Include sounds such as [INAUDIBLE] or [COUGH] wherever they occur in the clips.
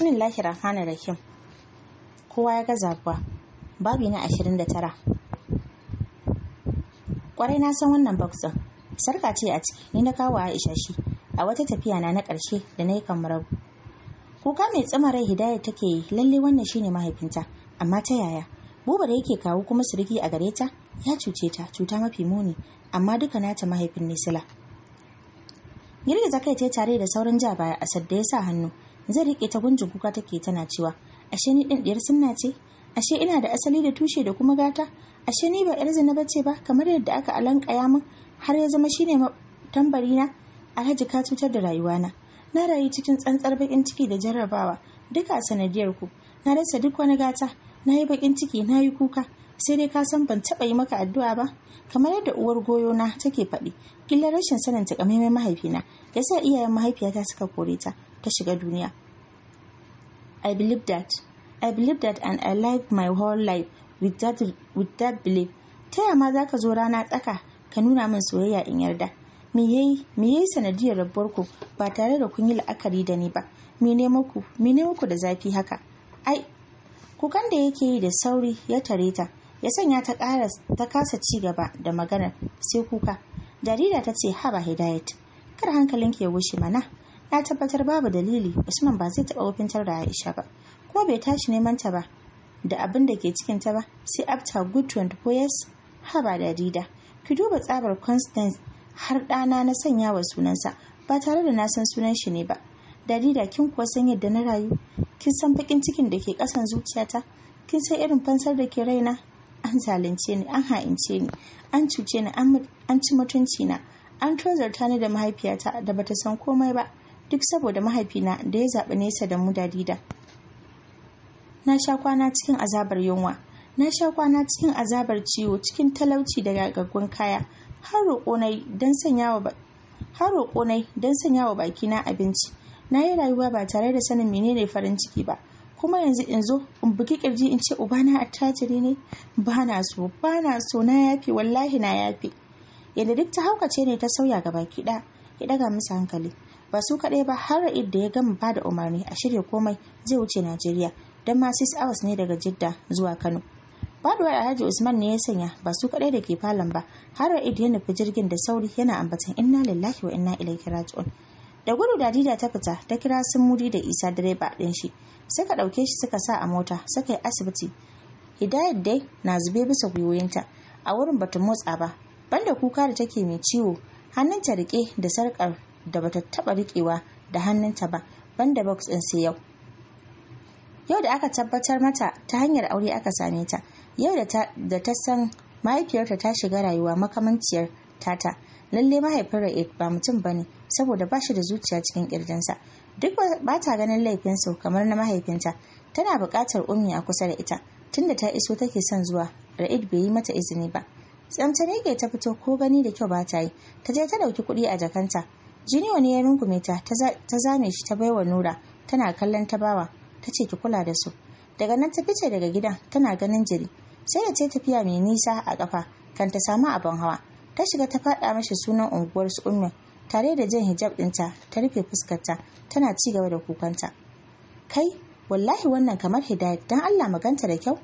hana rahmanir rahim kowa ya gaza kuwa babi na 29 kwarai na san wannan boxin sarka ce a ciki ni na kawo Aisha shi a wata tafiya na na ƙarshe da na yi kamar kuka mai tsama rai hidayar take yi lalle wannan shine mahaifinta amma ta yaya buba da yake kawo kuma sirgi a gare ta ya cuce ta cuta mafi muni amma duka nata mahaifin ne sila girgiza kai ta tare da sauran ja baya a sadda ya sa hannu zai rike ta gunjin kuka take tana cewa ashe ni din diyar sunna ce ashe ina da asali da tushe da kuma gata ashe ni ba yar zina bace ba kamar yadda aka alankaya min har ya zama shine tambari na alhaji ka cutar da rayuwana na rayu cikin tsantsar bakin ciki da jarrabawa duka a sanadiyar ku na rasa duk wani gata na yi bakin ciki na yi kuka sai dai ka san ban taba yi maka addu'a ba kamar yadda uwar goyo na take faɗi ƙila rashin sanin takamaimai mahaifina ya sa iyayen mahaifiyata suka kore ta ta shiga duniya i believe that i believe that and i live my whole life with that, with that belief ta yama za ka zo rana tsaka ka nuna min soyayya in yarda me ya yi sanadiyar ku ba tare da kun yi la'akari da ni ba Me muku ne muku da zafi haka ai kukan da yake yi da sauri ya tare ta ya sanya ta ƙara ta kasa ci gaba da maganar sai kuka jarida ta ce haba hidayat kar hankalinki ya wuce mana ya tabbatar babu dalili usman ba zai taɓa wafintar da aisha ba ko bai tashi neman ta ba da abin da ke cikin ta ba sai after good 24 years ha ba da dida ki duba tsabar constance har ɗana na sanya wa sunansa ba tare da na san sunan shi ne ba dadida kin kuwa san yadda na rayu kin san bakin cikin da ke kasan zuciyata kin san irin fansar da ke raina an zalunce ni an ha'ince ni an cuce ni an ci mutunci na an tozarta ni da mahaifiyata da bata san komai ba duk saboda mahaifina da ya zaɓi nesa da mu dadida na sha kwana cikin azabar yunwa na sha kwana cikin azabar ciwo cikin talauci da gagaggun kaya har roƙonai don sanya wa na abinci na yi rayuwa ba tare da sanin menene farin ciki ba kuma yanzu in zo in buki ƙirji, in ce ubana attajiri ne Bana na so ba na so na yafe wallahi na yafe yadda duk ta haukace ne ta sauya ga baki ɗaya ya ɗaga musu hankali ba su kaɗai ba har ra'id da ya gama ba da umarni a shirya komai zai wuce najeriya don ma awas hours ne daga jidda zuwa kano faduwar alhaji usman ne ya sanya ba su kaɗai da ke falon ba har ra'id ya nufi jirgin da sauri yana ambatan inna lillahi wa inna ilaihi raji'un da gudu da dida ta fita ta kira sun muri da isa direba ɗin shi suka ɗauke shi suka sa a mota suka yi asibiti hidayat dai na zube bisa gwiwoyinta a wurin bata motsa ba banda kuka da take mai ciwo hannunta rike da sarƙar. da bata taba rikewa da hannunta ba banda box din sai yau yau da aka tabbatar mata ta hanyar aure aka same ta yau da ta san mahaifiyarta ta shiga rayuwa makamanciyar tata lalle mahaifin ra'id ba mutum bane saboda ba shi da zuciya cikin kirjinsa duk ba ta ganin laifinsu kamar na mahaifinta tana buƙatar ummi a kusa da ita tunda ta iso take son zuwa ra'id bai yi mata izini ba tsamtare ke ta fito ko gani da kyau ba ta yi ta je ta ɗauki kuɗi a jakanta jini wani ya rungume ta ta zame shi ta baiwa nura tana kallon tabawa ta ce ki kula da su daga nan ta fice daga gidan tana ganin jiri sai da ce tafiya mai nisa a kafa kan ta samu abin hawa ta shiga ta faɗa mashi sunan unguwar su ummi tare da jan hijab ɗinta ta rufe fuskarta tana ci gaba da kukanta kai wallahi wannan kamar hidayat dan Allah maganta da kyau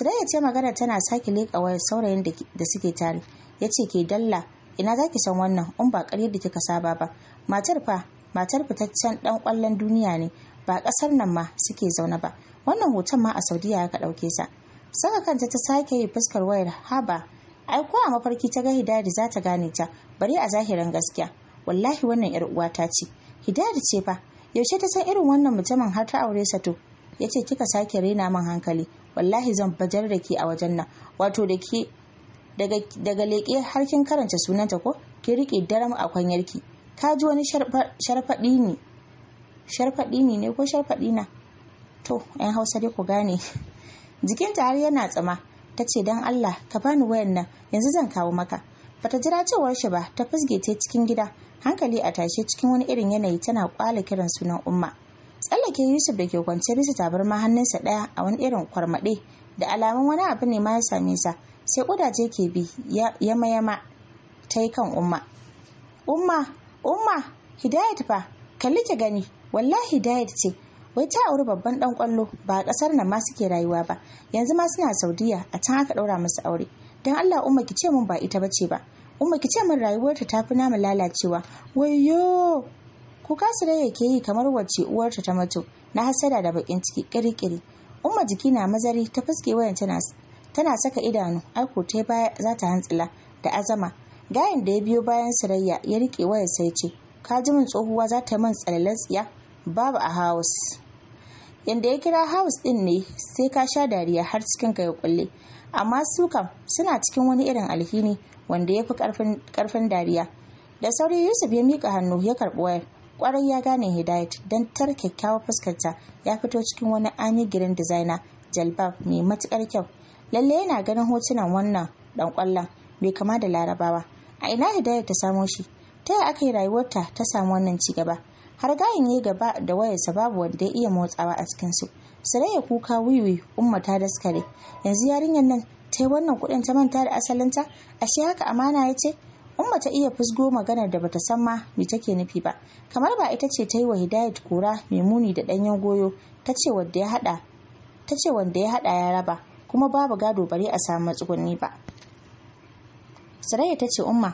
ya ce magana tana sake leƙa wayar saurayin da suke tare ya ce ke dalla ina za ki san wannan in ba ƙaryar da kika saba ba matar fa matar fitaccen ɗan ƙwallon duniya ne ba ƙasar nan ma suke zaune ba wannan hoton ma a saudiya ka ɗauke sa saka kanta ta sake yi fuskar wayar haba ai ko a mafarki ta ga hidari za ta gane ta bari a zahirin gaskiya wallahi wannan yar uwata ce hidari ce fa yaushe ta san irin wannan mutumin har ta aure sa to yace kika sake rena min hankali wallahi zan bajar da ke a wajen nan wato da ke daga leƙe har kin karanta sunanta ko ki riƙe daram a kwanyarki ka ji wani sharfaɗi ne sharfaɗi ne ko sharfaɗi na to yan hausa dai ku gane [LAUGHS] jikinta har yana tsama ta ce don allah ka bani wayan nan yanzu zan kawo maka bata jira cewar shi ba ta fusge ta cikin gida hankali a tashe cikin wani irin yanayi tana kwala kiran sunan umma tsallake yusuf da ke kwance bisa tabarma hannunsa ɗaya a wani irin kwarmaɗe da alamun wani abu ne ma ya same sa sai ƙudaje ke bi yama yama ta yi kan umma umma umma hidayat fa kalli ki gani wallahi hidayat ce wai ta auri babban ɗan kwallo ba a kasar nan ma suke rayuwa ba yanzu ma suna saudiya a can aka ɗaura musu aure Don Allah umma ki ce mun ba ita ce ba umma ki ce mun rayuwarta ta fi namu lalacewa wayyo kuka su dai yake yi kamar wacce uwarta ta mutu na hasada da bakin ciki kirkiri umma jiki na mazari ta fuske wayan tana tana saka idanu aiko ta baya za ta hantsila da azama gayan da ya biyo bayan sarayya ya rike wayar sai ce ka ji min tsohuwa za ta min tsalalan tsiya babu a house yanda ya kira house din ne sai ka sha dariya har cikin ka ya kulle amma su kam suna cikin wani irin alhini wanda ya fi karfin dariya da sauri yusuf ya mika hannu ya karɓi wayar kwarai ya gane hidayat don tar kyakkyawar fuskarta ya fito cikin wani ami girin designer jalbab mai matukar kyau lalle yana ganin hotunan wannan dan kwallon bai kama da larabawa a ina hidayar ta samo shi ta yaya aka yi rayuwarta ta samu wannan ci gaba har gayin ya gaba da wayarsa babu wanda ya iya motsawa a cikin su ya kuka wiwi umma ta daskare yanzu yarinyar nan ta yi wannan kuɗin ta manta da asalinta ashe haka amana ya ce umma ta iya fusgo maganar da bata san ma me take nufi ba kamar ba ita ce ta yi wa hidayat kura mai muni da ɗanyen goyo ta ce wanda ya haɗa ya raba kuma babu gado bare a samu tsugunni ba Saraya ta ce umma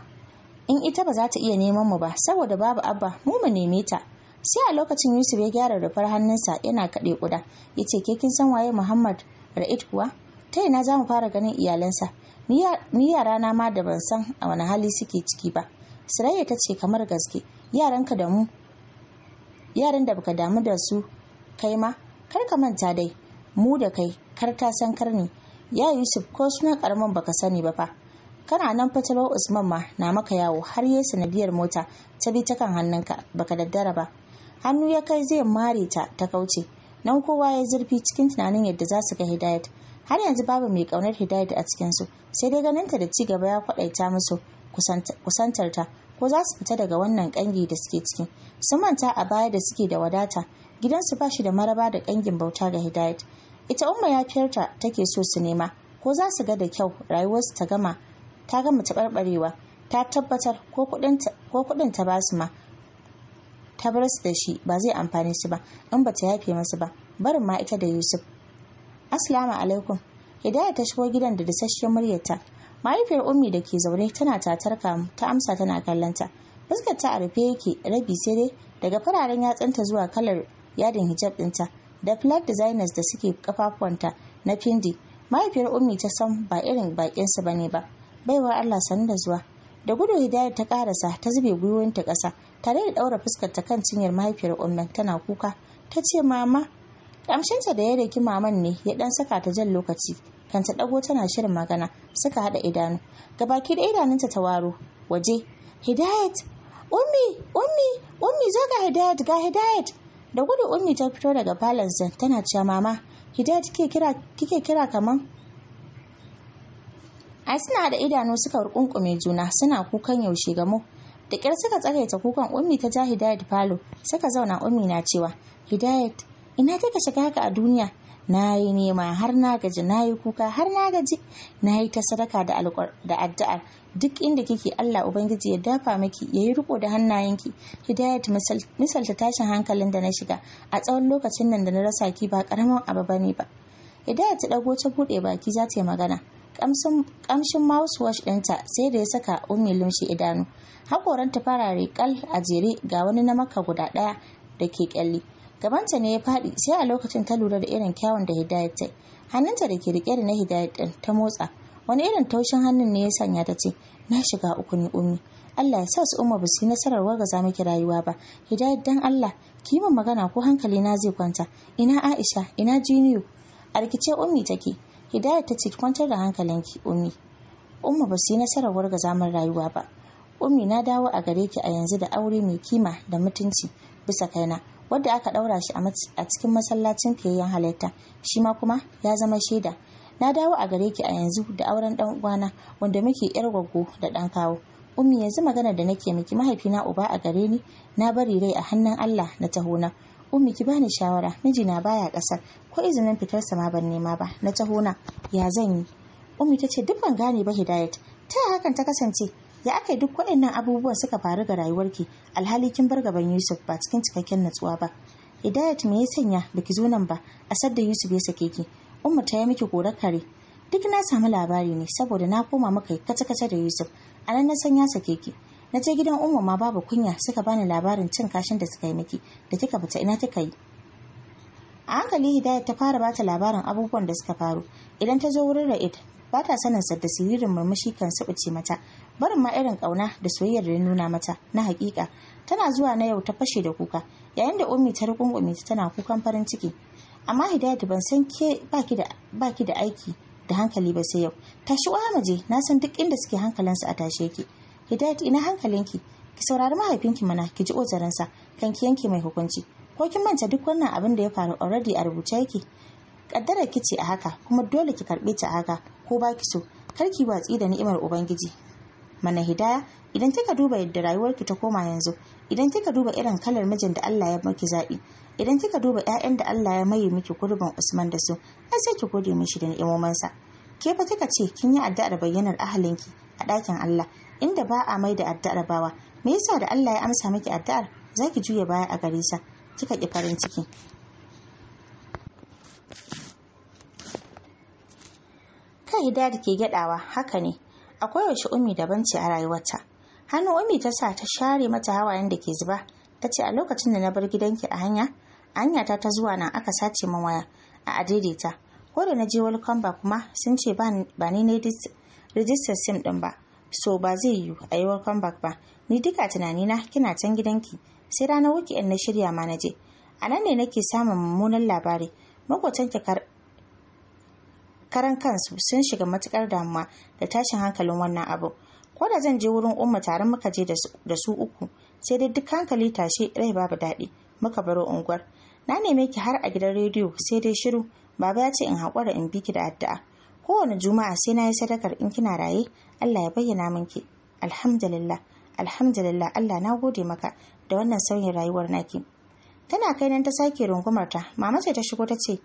in ita ba za ta iya neman mu ba saboda babu abba mu mu neme ta sai a lokacin yusuf ya gyara rufar hannunsa yana kaɗe ƙuda ya ce ke kin san waye muhammad ra'id kuwa ta ina za mu fara ganin iyalansa ni yara na ma da ban san a wani hali suke ciki ba sirayya ta ce kamar gaske yaranka da mu yaran da baka damu da su kai ma kar ka manta dai mu da kai kar ta san karni ya yusuf ko sunan karamin baka sani ba fa kana nan fatalar usman ma na maka yawo har yi sanadiyar mota ta bi ta kan hannunka baka daddara ba hannu ya kai zai mare ta ta kauce nan kowa ya zurfi cikin tunanin yadda za su ga hidayat har yanzu babu mai kaunar hidayat a cikinsu sai dai ganinta da ci gaba ya kwadaita musu kusantar ta ko za su fita daga wannan kangi da suke ciki sun manta a baya da suke da wadata gidansu ba shi da maraba da kangin bauta ga hidayat ita umma yafiyarta take so su nema ko za su ga da kyau rayuwarsu ta gama ta gama taɓarɓarewa ta tabbatar ko kuɗin ta ba su ma ta bar su da shi ba zai amfani su ba in ba ta yafe masu ba barin ma ita da yusuf assalamu alaikum hidaya ta shigo gidan da dasasshiyar muryarta mahaifiyar ummi da ke zaune tana tatar kamu ta amsa tana kallonta fuskar ta a rufe yake rabi sai dai daga fararen yatsanta zuwa kalar yadin hijab dinta. da flat designers da suke kafafuwanta na findi mahaifiyar ummi ta san ba irin bakin ba ne ba baiwa allah san da zuwa da gudu hidayar ta karasa ta zube gwiwowinta ƙasa tare da ɗaura fuskar ta kan cinyar mahaifiyar ummi tana kuka ta ce mama kamshinta da ya daki maman ne ya ɗan saka ta jan lokaci kan ta ɗago tana shirin magana suka haɗa idanu gabaki da idanunta ta waro waje hidayat ummi ummi ummi zo ga hidayat ga hidayat da gudu ummi ta fito daga falonsa tana cewa mama hidayat kike kira kike kira kaman ai suna da idanu suka rukunkume juna suna kukan yaushe gamo da kyar suka ta kukan ummi ta ja hidayat falo suka zauna ummi na cewa hidayat ina kika shiga haka a duniya na nema har na gaji na kuka har na gaji na ta sadaka da addu'ar duk inda kike Allah ubangiji ya dafa miki ya yi riko da hannayenki hidayat misalta tashin hankalin da na shiga a tsawon lokacin nan da na rasa ki ba karamin abu bane ba hidayat ta dago ta bude baki za ta yi magana kamshin mouthwash ɗinta sai da ya saka ummi lumshi idanu hakoran ta fara rikal a jere ga wani na maka guda ɗaya da ke kyalli gabanta ne ya faɗi sai a lokacin ta lura da irin kyawun da hidayat ta hannunta da ke rike da na hidayat ɗin ta motsa wani irin taushin hannun ne ya sanya ta ce na shiga uku ne umi Allah ya sa su umma ba su yi nasarar wargaza miki rayuwa ba hidayat dan Allah ki min magana ko hankali na zai kwanta ina Aisha ina Jiniyu a rikice ummi take hidayat ta ce kwantar da hankalinki ummi umma ba su yi nasarar wargaza min rayuwa ba ummi na dawo a gare ki a yanzu da aure mai kima da mutunci bisa kaina wadda aka ɗaura shi a cikin masallacin fiyayyen halitta shi ma kuma ya zama shaida na dawo a gare ki a yanzu da auren dan uwana wanda muke yar gwaggo da dan kawo ummi yanzu magana da nake miki mahaifina uba a gare ni na bari rai a hannun Allah na taho na ummi ki bani shawara mijina baya kasar ko izinin sa ma ban nema ba na taho na ya zan yi ummi tace duk ban gane ba hidayat ta hakan ta kasance ya aka yi duk waɗannan abubuwan suka faru ga rayuwarki alhali kin bar gaban Yusuf ba cikin cikakken natsuwa ba Hidayat me ya sanya baki zo nan ba a sadda Yusuf ya sake ki umma ta yi miki gora kare duk na samu labari ne saboda na koma maka kace-kace da yusuf a nan na san ya sake ki na je gidan umma ma babu kunya suka bani labarin cin kashin da suka yi miki da kika fita ina kika yi a hankali hidayat ta fara bata labarin abubuwan da suka faru idan ta zo wurin ra'id ba ta sanin da siririn murmushi kan subuce mata barin ma irin kauna da soyayyar da nuna mata na hakika tana zuwa na yau ta fashe da kuka yayin da ummi ta ummi tana kukan farin ciki amma hidayatu ban san ke baki da aiki da hankali ba sai yau tashi maje na san duk inda suke hankalinsu a tashe ki hidayat ina hankalinki ki saurari mahaifinki mana ki ji ozarinsa kan ki yanke mai hukunci ko kin manta duk wannan abin da ya faru already a rubuce yake kaddara ki ce a haka kuma dole ki karbe ta a haka ko ba ki so kar ki watsi da ni'imar ubangiji mana hidaya idan kika duba yadda rayuwarki ta koma yanzu idan kika duba irin kalar mijin da Allah ya maki zaɓi idan kika duba ƴaƴan da Allah ya maye miki gurbin Usman da su ai sai ki gode mishi da sa ke fa kika ce kin yi addu'ar bayyanar ahalinki a ɗakin Allah inda ba a mai da addu'ar bawa me yasa da Allah ya amsa miki addu'ar zaki juya baya a gare sa kika ki farin ciki kai da ke gyadawa haka ne akwai wace ummi daban ce a rayuwarta hannu ummi ta sa ta share mata hawayen da ke zuba ta ce a lokacin da na bar gidanki a hanya anyata ta zuwa nan aka sace min waya a adaidaita ko da na je welcome back kuma sun ce ba ni ne register sim din ba so ba zai yiwu a yi welcome back ba ni duka tunani na kina can gidanki sai ranar in na shirya ma na je a nan ne nake samun mummunan labari kar karan kansu sun shiga matukar damuwa da tashin hankalin wannan abu ko da zan je wurin umma tare muka je da su uku sai dai duk hankali tashe rai babu daɗi muka baro unguwar na neme ki har a gidan rediyo sai dai shiru baba ya ce in haƙura in bi ki da addu'a kowane juma'a sai na yi sadakar in kina raye Allah ya bayyana min ki alhamdulillah alhamdulillah Allah na gode maka da wannan sauyin rayuwar naki tana kai nan ta sake rungumarta mama ce ta shigo ta ce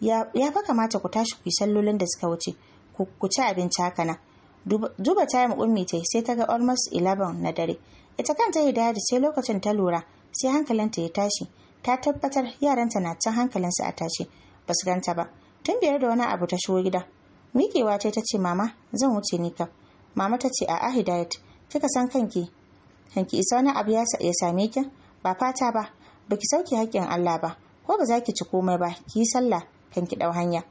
ya fa kamata ku tashi ku yi sallolin da suka wuce ku ci abinci haka na duba yi ummi ta sai ta ga almost 11 na dare ita kanta hidaya sai lokacin ta lura sai hankalinta ya tashi ta tabbatar yaranta na can hankalinsu a tashi ba su ganta ba tun biyar da wani abu ta shigo gida miƙewa ta ta ce mama zan wuce ni kam mama ta ce a'a hidayat kika san kanki kanki isa wani abu ya same ki ba fata ba baki sauke haƙƙin Allah ba ko ba za ki ci komai ba ki yi sallah kan ki ɗau hanya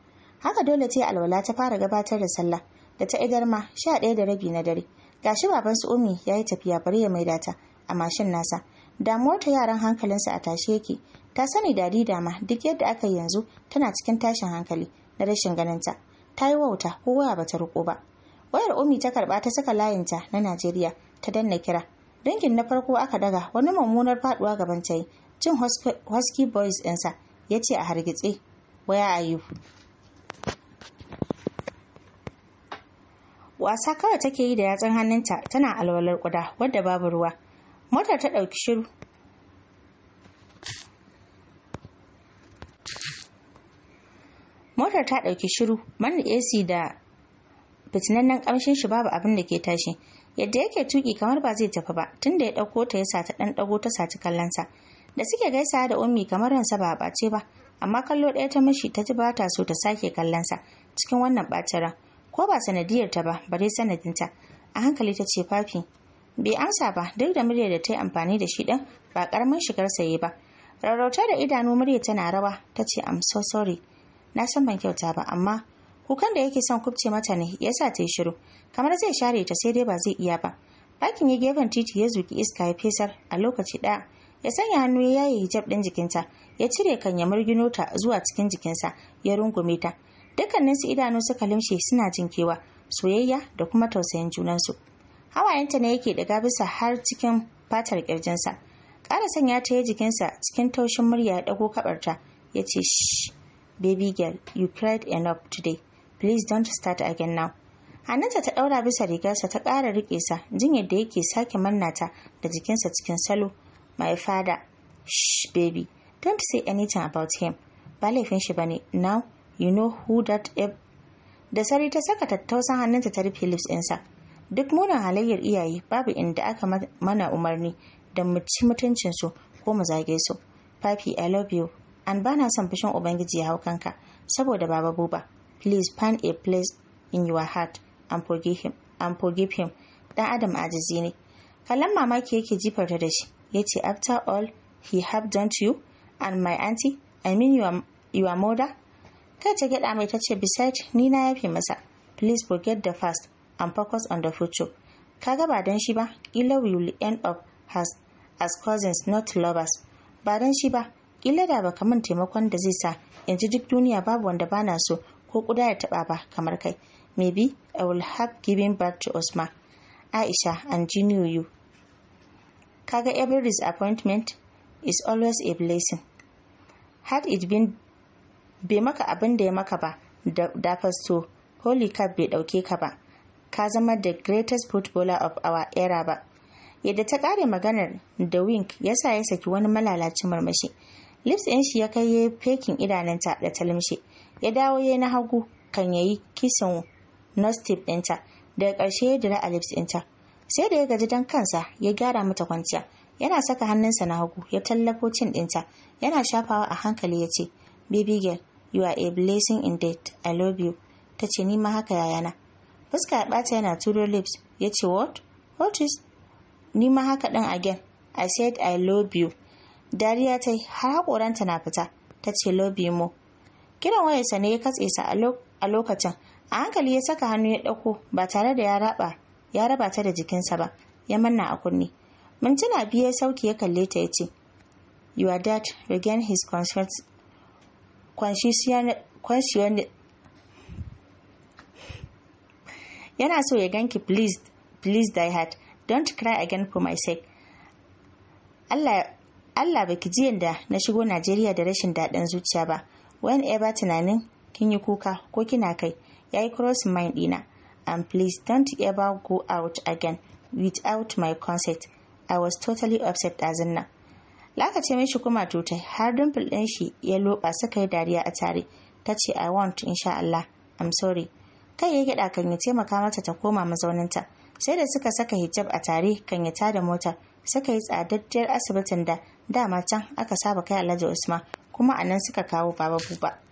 haka dole ta alwala ta fara gabatar da sallah da ta idar ma sha ɗaya da rabi na dare gashi baban su umi ya yi tafiya bari ya mai data a mashin nasa damuwar ta yaran hankalinsa a tashe yake ta sani dadi dama duk yadda aka yanzu tana cikin tashin hankali na rashin ganinta ta yi wauta ko waya ba ta riko ba wayar umi ta karba ta saka layinta na najeriya ta danna kira dangin na farko aka daga wani mummunar faduwa gaban ta yi jin husky boys ɗinsa ya ce a hargitse waya ayu wasa kawai take yi da yatsun hannunta tana alwalar kuda wadda babu ruwa motar ta ɗauki shiru motar ta ɗauki shiru ac da fitinannen ƙamshin shi babu abin da ke tashi yadda yake tuki kamar ba zai tafi ba tunda ya ɗauko ta ya sata ɗan ɗago ta saci sa. da suke gaisa da ummi kamar ransa ba a ɓace ba amma kallo ɗaya ta mashi ta ji ba ta so ta sake kallon sa cikin wannan ɓacin ko ba sanadiyar ta ba bare sanadinta a hankali ta ce fafi bai amsa ba duk da murya da ta yi amfani da shi ɗin ba ƙaramin shigar saye ba rarrauta da idanu murya tana rawa ta ce am so sorry na san ban kyauta ba amma kukan da yake son kubce mata ne ya sa ta yi shiru kamar zai share ta sai dai ba zai iya ba bakin ya gefen titi ya zuki iska ya fesar a lokaci ɗaya ya sanya hannu ya yi hijab ɗin jikinta ya cire kan ya murgino ta zuwa cikin jikinsa ya rungume ta dukkaninsu idanu suka limshe suna jinkewa soyayya da kuma tausayin junansu hawayenta ne yake daga bisa har cikin fatar kirjinsa ƙara sanya ta yi jikinsa cikin taushin murya ya ɗago kaɓarta ya ce baby girl you cried enough today please don't start again now hannunta ta ɗaura bisa rigarsa ta ƙara riƙe sa jin yadda yake sake manna ta da jikinsa cikin salo my father shh baby don't say anything about him ba laifin shi bane now you know who that da sari ta saka tattausan hannunta ta rufe lips ɗinsa duk munin halayyar iyaye babu inda aka mana umarni da mu ci mutuncinsu ko mu zage su papi i love you an bana son fushin ubangiji ya hau kanka saboda baba buba please find a place in your heart and forgive him and forgive him dan adam ajizi ne kallon mamaki yake jifarta da shi ya ce after all he have done to you and my auntie i mean your, mother kai ta gyaɗa mai tace beside Nina na yafe masa please forget the past and focus on the future. Kaga ba dan shi ba, ila we will end up as, as cousins not lovers. Ba dan shi ba, ila da baka min taimakon da zai sa in ji duk duniya babu wanda bana so ko kuda ya taba ba kamar kai. Maybe I will have given back to Osma. Aisha and Junior you. Kaga every disappointment is always a blessing. Had it been bai maka abin da ya maka ba da fasto holy cup bai dauke ka ba ka zama the greatest footballer of our era ba yadda ta kare maganar da wink ya sa ya saki wani malalacin marmashi lips ɗin shi ya kai ya fekin idanunta da talmishi ya dawo ya na hagu kan yayi kisan nostip ɗinta daga ƙarshe ya dira a lips ɗinta sai da ya gaji don kansa ya gyara mata kwanciya yana saka hannunsa na hagu ya tallafo cin ɗinta yana shafawa a hankali ya ce baby girl you are a blessing indeed i love you ta ce ni ma haka yayana fuska ya bata yana turo lips ya ce what what is ni ma haka ɗin again i said i love you dariya ta yi har hakoranta na fita ta ce love you more kiran wayarsa ne ya katse sa a lokacin a hankali ya saka hannu ya ɗauko ba tare da ya raba ta da jikinsa ba ya manna a kunne mintuna biyu ya sauki ya kalle ta ya ce your dad regain his conscience yana so ya ganki please please die hard don't cry again for my sake Allah baki ji yanda na shigo Najeriya da rashin daɗin zuciya ba whenever tunanin kin yi kuka ko kina kai ya yi cross mind dina and please don't ever go out again without my consent I was totally upset a in lakace mishi kuma tutai har dimple ɗin shi ya loɓa suka yi dariya a tare ta ce I want insha Allah I'm sorry kai ya gida kan ya taimaka mata ta koma mazauninta sai da suka saka hijab a tare kan ya tada mota suka yi tsadaddiyar asibitin da dama can aka saba kai alhaji usman kuma a nan suka kawo baba buba